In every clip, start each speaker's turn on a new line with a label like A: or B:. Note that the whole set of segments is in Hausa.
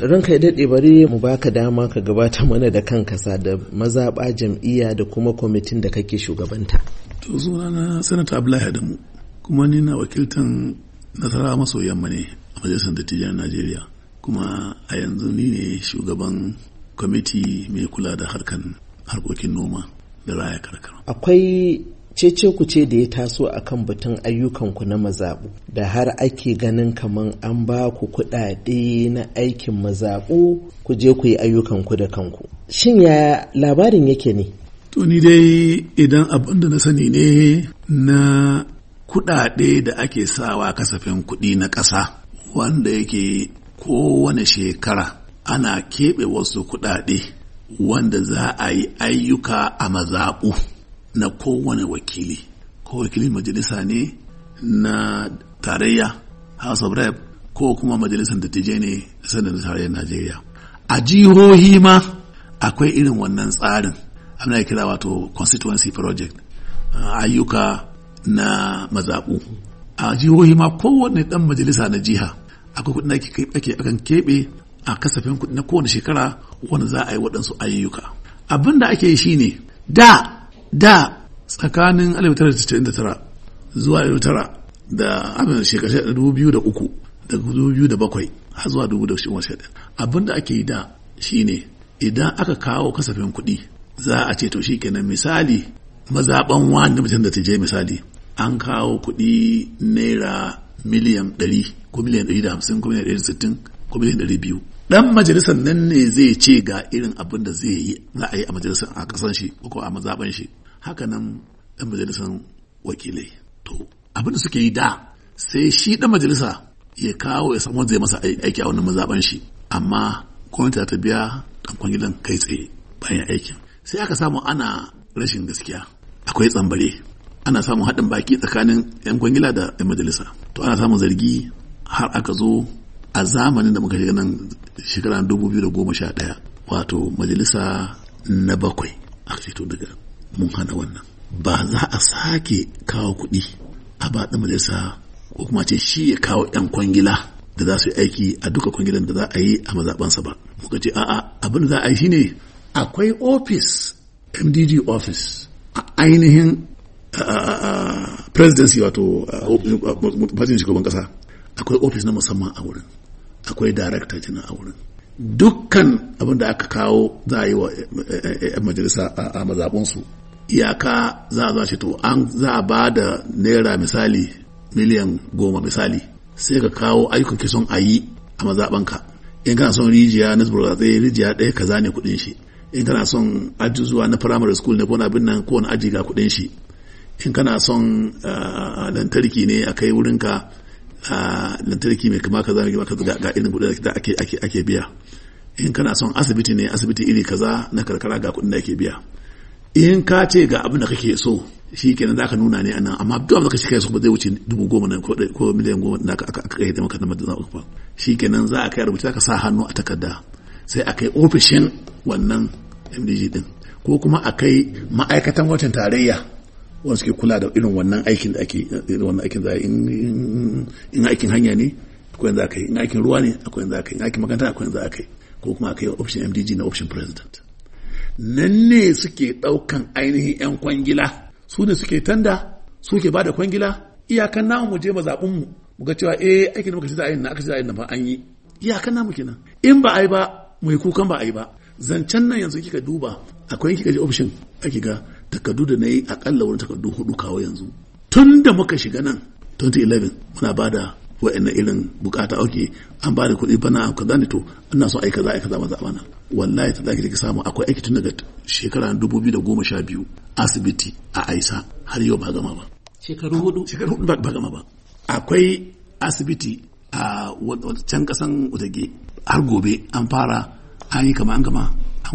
A: ranka ya daɗe bari mu baka dama ka gabata mana da kanka sa da mazaɓa jam'iyya da kuma kwamitin da kake shugabanta
B: to suna na sanata abdullahi adamu kuma ni na wakiltan nasara maso yamma ne a majalisar dattijan najeriya kuma a yanzu ni ne shugaban kwamiti mai kula da harkan harkokin noma da raya karkara
A: akwai cece ku ce da ya taso akan batun ayyukanku na mazaɓu da har ake ganin kaman an ba ku kuɗaɗe na aikin mazaɓu ku je ku yi ayyukanku da kanku shin ya labarin yake ne to dai
B: idan abin da na sani ne na kuɗaɗe da ake sawa kasafin kuɗi na ƙasa wanda yake kowane shekara ana keɓe wasu kuɗaɗe wanda za a yi ayyuka a mazaɓu na kowane wakili ko wakilin majalisa ne na tarayya house of rep ko kuma majalisar dattijai ne sanar tarayyar najeriya a jihohi ma akwai irin wannan tsarin ana kira wato constituency project uh, ayyuka na mazaɓu a jihohi ma kowane ɗan majalisa na jiha akwai kuɗin ake ake akan keɓe a kasafin kuɗi na kowane shekara wanda za a yi waɗansu ayyuka abinda ake yi shine da da tsakanin 1999 zuwa 2009 da abin shekarar 2003 da 2007 har zuwa 2016 abin da ake yi da shi ne, idan aka kawo kasafin kuɗi za a ce to shi kenan misali mazaɓan wani mutum da ta je misali an kawo kuɗi naira miliyan 100 ko miliyan 150 ko miliyan 160 ko miliyan 200 dan majalisar nan ne zai ce ga irin abin da zai yi za a yi a majalisar a kasan shi ko a mazaɓan shi haka nan ɗan majalisar wakilai to abin da suke yi da sai shi ɗan majalisa ya kawo ya samu zai masa aiki a wannan mazaɓan shi amma gwamnati ta biya ɗan kwangilan kai tsaye bayan aikin sai aka samu ana rashin gaskiya akwai tsambare ana samun haɗin baki tsakanin 'yan kwangila da 'yan majalisa to ana samun zargi har aka zo a zamanin da muka shiga nan shekara 2011 wato majalisa na bakwai aka ce daga mun hana wannan ba za a sake kawo kuɗi a ba ɗan majalisa ko kuma ce shi ya kawo 'yan kwangila da za su yi aiki a duka kwangilan da za a yi a mazaɓansa ba muka ce a'a abin da za a yi shine akwai ofis mdg ofis a ainihin presidency wato fatin shugaban kasa akwai ofis na musamman a wurin akwai director jina a wurin dukkan abin da aka kawo za a yi wa eh, eh, eh, majalisa a mazaɓansu. iyaka za a shi to an za a ba da naira misali miliyan goma misali sai ka kawo ayyukan ki son a yi a mazaɓanka in kana son rijiya na burgatse eh, rijiya ɗaya kaza ne kuɗin shi in kana son aji zuwa na primary school ne ko na abin nan ko wani aji ga kuɗin shi in kana son ah, lantarki ne a kai wurinka ah, lantarki mai kama kaza mai kama kaza ga irin kuɗin da ake biya in kana son asibiti ne asibiti iri kaza na karkara ga kuɗin da ake biya in ka ce ga abin da kake so shi kenan za ka nuna ne anan amma duk abin da kai so ba zai wuce dubu goma na ko miliyan goma da aka kai da maka da za ba shi kenan za a kai rubuta ka sa hannu a takarda sai a kai ofishin wannan mdg din ko kuma a kai ma'aikatan watan tarayya wanda suke kula da irin wannan aikin da ake wannan aikin za in aikin hanya ne akwai yanzu a yi in aikin ruwa ne akwai yanzu a yi in aikin makaranta akwai yanzu a yi ko kuma a kai ofishin mdg na ofishin president nan ne suke ɗaukan ainihin 'yan kwangila su ne suke tanda suke ba da kwangila iyakan namu mu je ma zaɓinmu mu ga cewa e, aikin da muka ci za na aka ci za na ba an yi iyakan namu kenan in ba a yi ba mai kukan ba a yi ba zancen nan yanzu kika duba akwai kika je ofishin. ake ga takardu da na yi akalla wani takardu hudu kawo yanzu tun da muka shiga nan 2011 muna ba da wa'annan irin bukata auki an ba da kuɗi bana ka gane to ina so aika za aika kaza maza bana wallahi ta zaki take samu akwai aiki tun daga shekara biyu asibiti a Aisa har yau ba gama ba shekaru hudu shekaru hudu ba gama ba akwai asibiti a can kasan Utage har gobe an fara an yi kama an gama an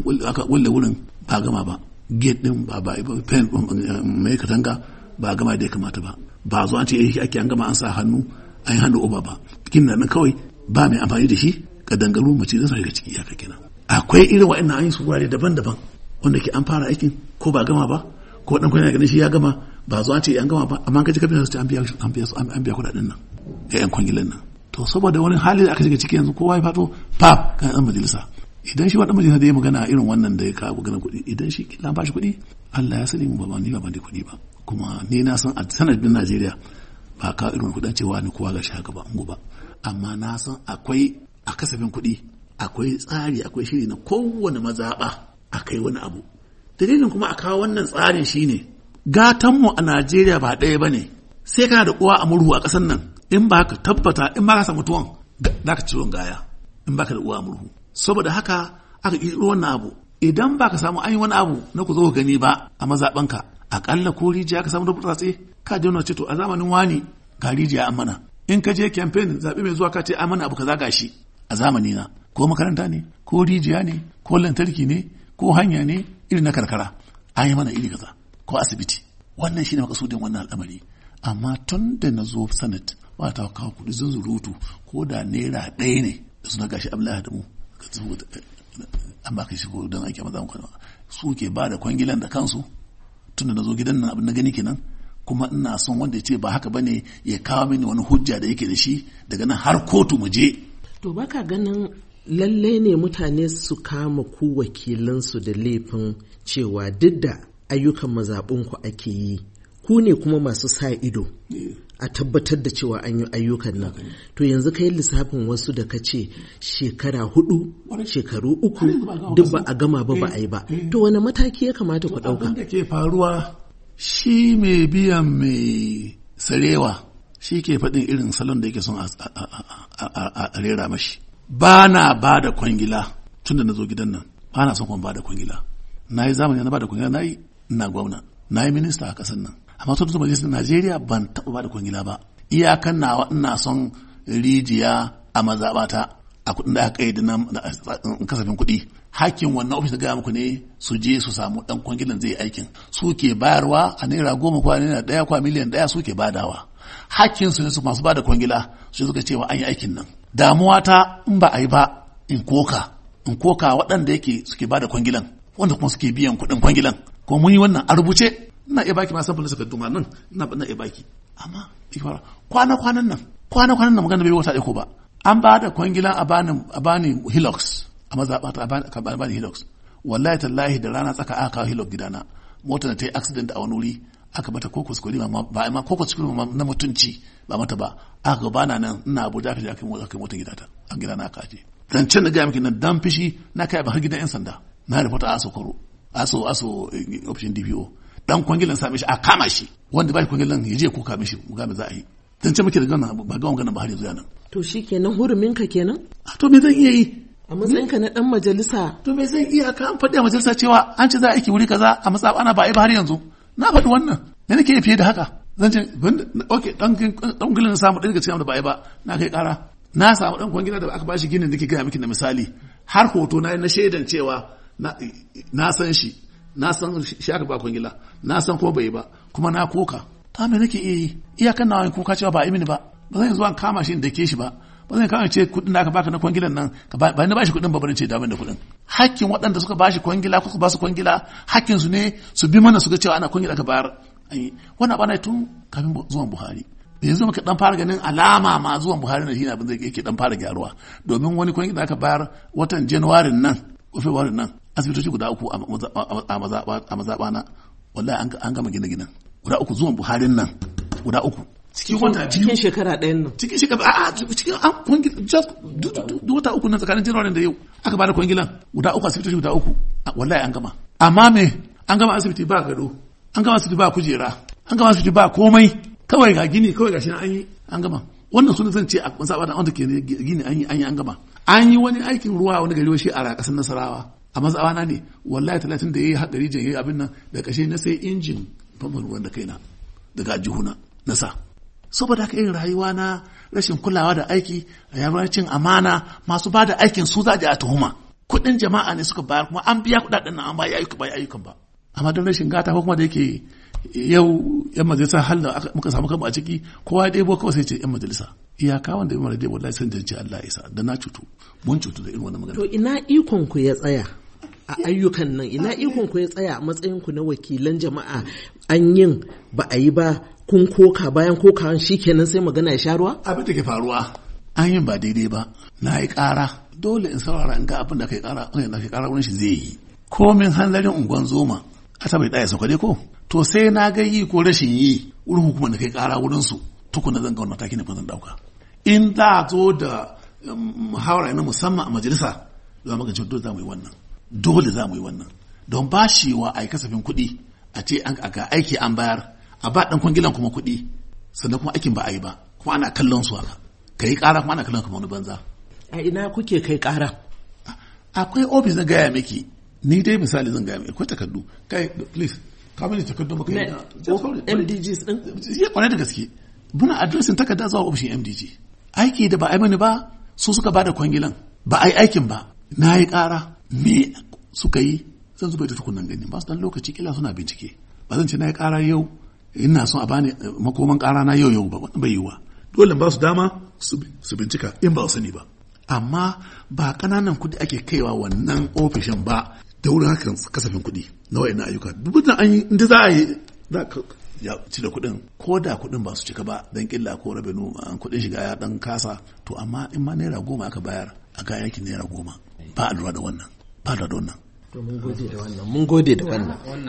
B: kulle wurin ba gama ba gate din ba ba pen um, um, um, mai katanga ba gama da ya kamata ba ba zo an ce ake an gama an sa hannu an hannu uba ba bikin nan kawai ba mai amfani da shi ka dangaru mace zan shiga ciki ya kenan akwai irin wa'annan an yi su daban-daban wanda ke an fara aikin ko ba gama ba ko dan kuɗin ganin shi ya gama ba zo an ce an gama ba amma ka ji kafin su an an biya an biya kuɗaɗen nan ga yan kwangilan nan to saboda wani hali da aka shiga ciki yanzu kowa ya fato pap kan dan majalisa idan shi wani majalisa da ya magana irin wannan da ya kawo magana kuɗi idan shi kila ba shi kuɗi Allah ya sani mu ba ni ba ban da kuɗi ba kuma ni na san a sanadin Najeriya ba ka irin kuɗa cewa ni kowa ga shaka ba ungu ba amma na san akwai a kasafin kuɗi akwai tsari akwai shiri na kowane mazaɓa a kai wani abu dalilin kuma a kawo wannan tsarin shine gatanmu a najeriya ba ɗaya ba ne sai kana da uwa a murhu a ƙasar nan in ba ka tabbata in ba ka samu tuwon za ka ciwon gaya in ba ka da uwa a murhu saboda haka aka ƙirƙiro wannan abu idan ba ka samu an yi wani abu na ku zo gani ba a mazaɓanka aƙalla ko rijiya ka samu da burtsatse ka je ce to a zamanin wani gari rijiya an mana in ka je campaign zaɓe mai zuwa ka ce an mana abu kaza gashi a zamani na ko makaranta ne ko rijiya ne ko lantarki ne ko hanya ne irin na karkara an yi mana iri kaza ko asibiti wannan shine makasudin wannan al'amari amma tun da na zo sanat ba ta kawo kuɗi zurutu ko da naira ɗaya ne suna gashi abdullahi da mu eh, an baka shi don aiki maza mu su ke ba da kwangilan da kansu tun da na zo gidan nan abin na gani kenan kuma ina son wanda ya ce ba haka bane ya kawo mini wani hujja da yake da shi daga nan har kotu mu je
A: to baka ganin lallai ne mutane su kama ku wakilansu da laifin cewa duk da ayyukan mazaɓin ku ake yi ku ne kuma masu sa ido a tabbatar da cewa an yi ayyukan nan to yanzu kai lissafin wasu da ka ce shekara hudu shekaru uku duk ba a gama ba ba eh. a yi ba to wani mataki ya kamata ku ɗauka abin shi mai biyan mai
B: sarewa shi ke faɗin irin salon da yake son a rera mashi ba na ba da kwangila tun da na zo gidan nan ba na son kuma ba da kwangila na yi zamani na ba da kwangila na yi na gwamna na yi minista a ƙasar nan amma tun da majalisar najeriya ban taɓa ba da kwangila ba iyakan nawa ina son rijiya a mazaɓata a kudin da aka kayyade na kasafin kuɗi hakkin wannan ofis da gaya muku ne su je su samu ɗan kwangilan zai aikin su ke bayarwa a naira goma kwa naira ɗaya kwa miliyan ɗaya su ke badawa hakkin su ne su masu bada kwangila su suka cewa an yi aikin nan damuwa ta in ba a yi ba in koka in koka waɗanda yake suke bada kwangilan wanda kuma suke biyan kuɗin kwangilan ko mun yi wannan a rubuce ina iya baki ma sabon lissa kaduma nan ina iya baki amma kwana kwanan nan kwana kwanan nan magana bai wata iko ba an ba da kwangilan a bani hilux a mazaɓata a bani hilux wallahi tallahi da rana tsaka aka kawo hilux gidana mota na ta yi accident a wani wuri aka bata ko kuskure ba ma ko kuskure na mutunci ba mata ba aka ba na nan ina abu ka je aka yi mota gidata a gidana aka aje zancen da gaya miki na dan fishi na kai ba har gidan yan sanda na rubuta a aso koro aso aso eh, option dpo dan kwangilan same shi a kama shi wanda ba shi kwangilan ya je ko kame shi mu ga za a yi dan ce muke da gana ba ga magana ba har yanzu yana
A: to shikenan hurumin ka kenan ah, to me zan iya yi a matsayin ka na dan majalisa to me zan iya ka an faɗi a majalisa
B: cewa an ce za a aiki wuri kaza a matsa ana ba ai ba har yanzu na faɗi wannan me nake fiye da haka zan ce okay dan dan gulin samu daga cikin da ba ai ba na kai ƙara na samu dan kwangila da aka bashi ginin da ke gaya miki na misali har hoto na na shaidan cewa na san shi na san shi aka ba kwangila na san ko bai ba kuma na koka ta me nake iya yi iyakan na wani kuka cewa ba imini ba ba zan zuwa kama shi da ke shi ba ba zan kama ce kudin da aka baka na kwangilan nan ba ni shi kudin ba bari ce da da kudin hakkin waɗanda suka bashi kwangila ko ba su kwangila hakkin su ne su bi mana su ga cewa ana kwangila ka bayar wannan bana tun kafin zuwan Buhari bai yanzu ka dan fara ganin alama ma zuwan Buhari na ne abin zai yake dan fara gyaruwa domin wani kwangila da aka bayar watan January nan ko February nan asibitoci guda uku a mazaɓana wallahi an gama gine-ginen guda uku zuwan buharin nan guda uku cikin shekara ɗayan nan cikin shekara a cikin an ah, kwangil just duk wata uku nan tsakanin january da yau aka bada kwangilan guda uku asibitoci guda uku ah, wallahi an gama amma me an gama asibiti ba gado an gama asibiti ba kujera an gama asibiti ba komai kawai ga gini kawai ga shi an yi an gama wannan sunan zan ce a kunsa ba wanda ke gini an yi an yi an gama an yi wani aikin ruwa wani gari shi a kasar nasarawa a na ne wallahi talatin da ya yi haɗari jan yayi abin nan da ƙashe na sai injin ban ruwan da kaina daga juhuna na sa saboda haka irin rayuwa na rashin kulawa da aiki a cin amana masu ba da aikin su za a tuhuma kuɗin jama'a ne suka bayar kuma an biya kuɗaɗen nan an ba ayyuka ba ayyukan ba amma don rashin gata ko kuma da yake yau yan majalisa hal da muka samu kanmu a ciki kowa ya ɗebo kawai sai ce yan majalisa iyaka wanda ya mara dai wallahi san jance Allah ya isa da na cutu mun cutu da irin wannan magana
A: to ina ikon ku ya tsaya a ayyukan nan ina ikon ku ya tsaya a matsayin ku na wakilan jama'a an yin ba a yi ba kun koka bayan kokawan kenan sai magana ya sha ruwa abin da ke faruwa an yin ba daidai ba
B: na yi kara dole in saurara in ga abin da kai kara in da kai kara wani shi zai yi komin hanzarin unguwan zoma a ta bai tsaya sauka dai ko to sai na ga yi ko rashin yi wurin hukumar da kai kara wurin su tukuna zan ga wani mataki ne zan dauka in da a zo da um, muhawara na musamman a majalisa za mu ga dole za mu yi wannan dole za mu yi wannan don ba shi wa a yi kasafin kuɗi a ce an ga aiki an bayar a ba ɗan kwangilan kuma kuɗi sannan kuma aikin ba a yi ba kuma ana kallon su haka ka yi ƙara kuma ana kallon kamar wani banza. a ina kuke kai ƙara. akwai ofis na gaya miki ni dai misali zan gaya miki akwai takardu kai please ka mini takardu maka yi mdgs ɗin. ya kwanai da gaske muna adresin takarda zuwa ofishin mdg aiki da ba a yi mani ba su suka ba da kwangilan ba a yi aikin ba na yi ƙara me suka yi zan zubar da tukunan gani ba su dan lokaci kila suna bincike ba zan ce na yi ƙara yau ina son a bani eh, makoman kara na yau yau ba wani bai yiwa dole ba su dama su bincika in ba su sani ba amma ba kananan kuɗi ake kaiwa wannan ofishin ba da wurin hakan kasafin kuɗi na wa'ina ayyuka duk da an yi inda za a yi za ka ya ci da kuɗin ko da kuɗin ba su cika ba dan ƙilla ko rabinu eh, kuɗin shiga ya ɗan kasa to amma in ma naira goma aka bayar a kayan yakin naira goma ba a lura da wannan ba da donan.
A: mun gode da wannan mun gode da wannan